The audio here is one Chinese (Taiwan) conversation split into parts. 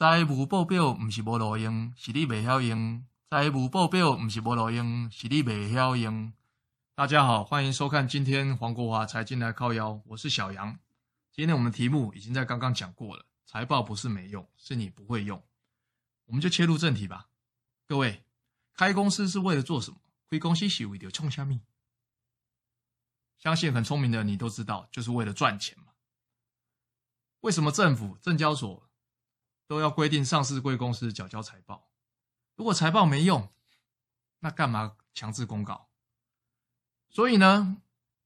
財務報表不是無路用，是你未曉用。財務報表不是無路用，是你未曉用。大家好，歡迎收看今天黃國華財經來靠腰，我是小楊。今天我們的題目已經在剛剛講過了，財報不是沒用，是你不會用。我們就切入正題吧。各位開公司是為了做什麼？開公司是為了衝啥米。相信很聰明的你都知道，就是為了賺錢嘛。為什麼政府、證交所？都要規定上市櫃公司繳交財報，如果財報沒用，那幹嘛強制公告？所以呢，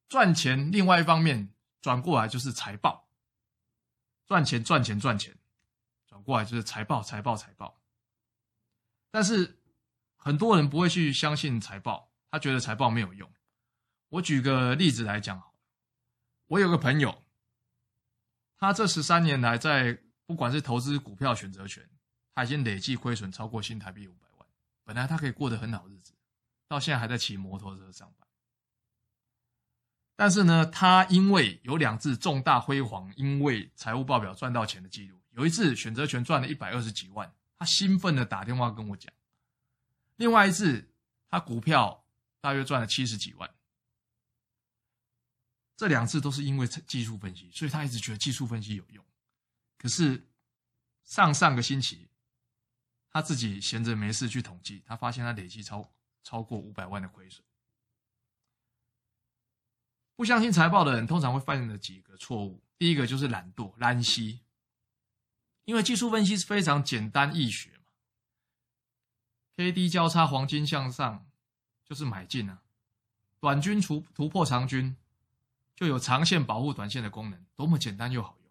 賺錢另外一方面轉過來就是財報，賺錢賺錢賺錢，轉過來就是財報財報財報。但是很多人不會去相信財報，他覺得財報沒有用。我舉個例子來講好了，我有個朋友，他這十三年來在。不管是投資股票選擇權，他已經累計虧損超過新台幣五百萬。本來他可以過得很好日子，到現在還在騎摩托車上班。但是呢，他因為有兩次重大輝煌，因為財務報表賺到錢的記錄，有一次選擇權賺了一百二十幾萬，他興奮的打電話跟我講。另外一次，他股票大約賺了七十幾萬。這兩次都是因為技術分析，所以他一直覺得技術分析有用。可是上上個星期，他自己閒着沒事去統計，他發現他累積超超過五百萬的虧損。不相信財報的人通常會犯的幾個錯誤，第一個就是懶惰、懶析，因為技術分析是非常簡單易學嘛。KD 交叉黃金向上就是買進啊，短均突突破長均，就有長線保護短線的功能，多麼簡單又好用。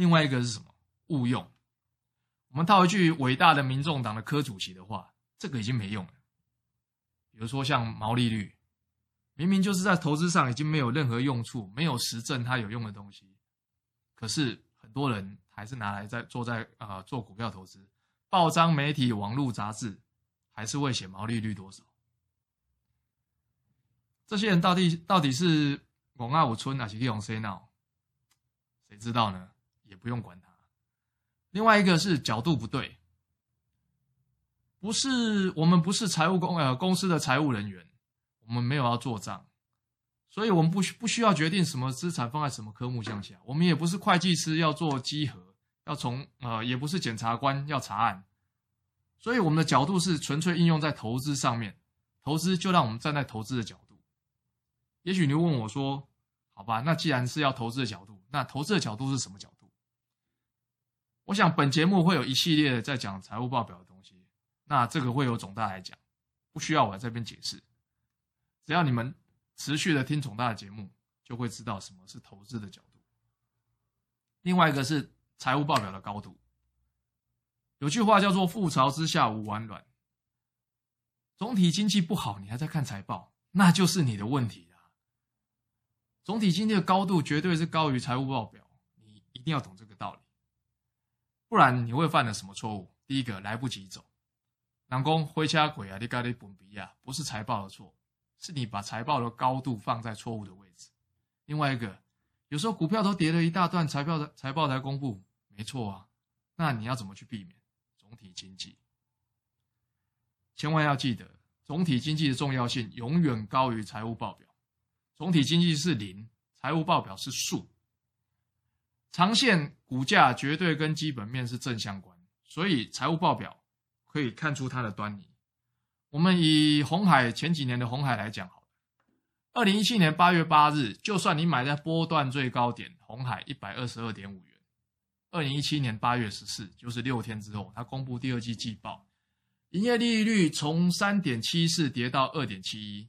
另外一個是什麼？勿用。我們套一句偉大的民眾黨的柯主席的話，這個已經沒用了。比如說像毛利率，明明就是在投資上已經沒有任何用處，沒有實證它有用的東西，可是很多人還是拿來在做在啊、呃、做股票投資。報章、媒體、網絡、雜誌，還是會寫毛利率多少。這些人到底到底是廣愛武村哪些地方 say no 誰知道呢？也不用管他。另外一個是角度不對，不是，我們不是財務公呃公司的財務人員，我們沒有要做賬，所以我們不需不需要決定什麼資產放在什麼科目項下。我們也不是會計師要做稽核，要從呃也不是檢察官要查案，所以我們的角度是純粹應用在投資上面。投資就讓我們站在投資的角度。也許你會問我說：“好吧，那既然是要投資的角度，那投資的角度是什麼角度？”我想本節目會有一系列在講財務報表的東西，那這個會由總大來講，不需要我來這邊解釋。只要你們持續的聽總大的節目，就會知道什麼是投資的角度。另外一個是財務報表的高度，有句話叫做“覆巢之下無完卵”。總體經濟不好，你還在看財報，那就是你的問題啦。總體經濟的高度絕對是高於財務報表，你一定要懂這個道理。不然你會犯了什麼錯誤？第一個，來不及走，南宮灰瞎鬼啊！你搞的笨逼啊！不是財報的錯，是你把財報的高度放在錯誤的位置。另外一個，有時候股票都跌了一大段，財報的財報才公布，沒錯啊。那你要怎麼去避免？總體經濟，千萬要記得，總體經濟的重要性永遠高於財務報表。總體經濟是零，財務報表是數。長線股價絕對跟基本面是正相關，所以財務報表可以看出它的端倪。我們以鴻海前幾年的鴻海來講好了，二零一七年八月八日，就算你買在波段最高點，鴻海一百二十二點五元。二零一七年八月十四，就是六天之後，它公布第二季季報，營業利率從三點七四跌到二點七一，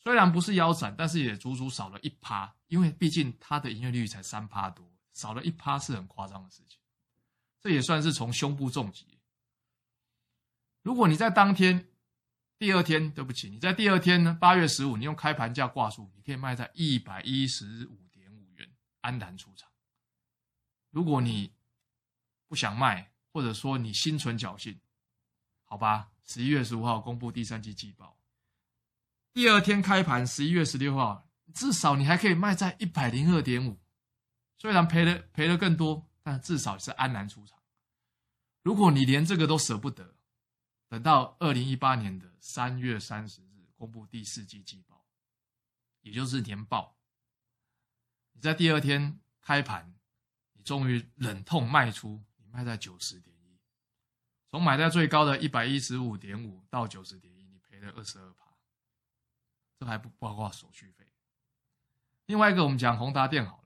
雖然不是腰斬，但是也足足少了一趴，因為畢竟它的營業利率才三趴多。少了一趴是很誇張的事情，這也算是從胸部重擊。如果你在當天，第二天，對不起，你在第二天呢？八月十五，你用開盤價掛出，你可以賣在一百一十五點五元，安然出場。如果你不想賣，或者說你心存僥倖，好吧，十一月十五號公布第三季季報，第二天開盤，十一月十六號，至少你還可以賣在一百零二點五。雖然賠了賠了更多，但至少也是安然出場。如果你連這個都捨不得，等到二零一八年的三月三十日公布第四季季報，也就是年報，你在第二天開盤，你終於忍痛賣出，你賣在九十點一，從買在最高的一百一十五點五到九十點一，你賠了二十二趴，這還不包括手續費。另外一個，我們講宏達電好。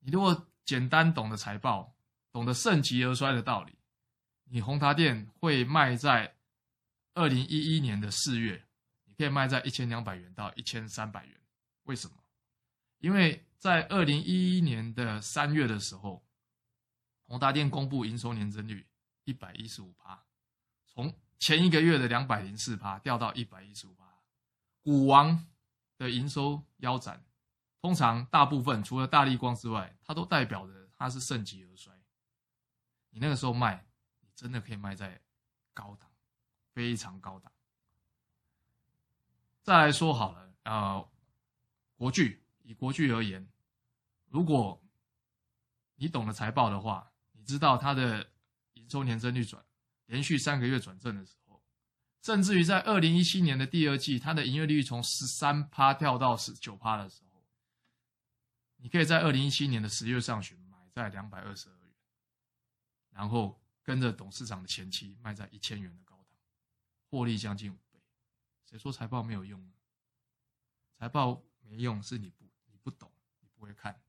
你如果簡單懂得財報，懂得盛極而衰的道理，你宏達電會賣在二零一一年的四月，你可以賣在一千兩百元到一千三百元。為什麼？因為在二零一一年的三月的時候，宏達電公布營收年增率一百一十五趴，從前一個月的兩百零四趴掉到一百一十五趴，股王的營收腰斬。通常大部分除了大立光之外，它都代表着它是盛極而衰。你那個時候賣，你真的可以賣在高檔，非常高檔。再來說好了，呃，國巨，以國巨而言，如果你懂了財報的話，你知道它的營收年增率轉連續三個月轉正的時候，甚至於在二零一七年的第二季，它的營業利率從十三趴跳到十九趴的時候。你可以在二零一七年的十月上旬買在兩百二十二元，然後跟着董事長的前期賣在一千元的高檔，獲利將近五倍。誰說財報沒有用呢？財報沒用是你不，你不懂，你不會看。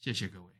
謝謝各位。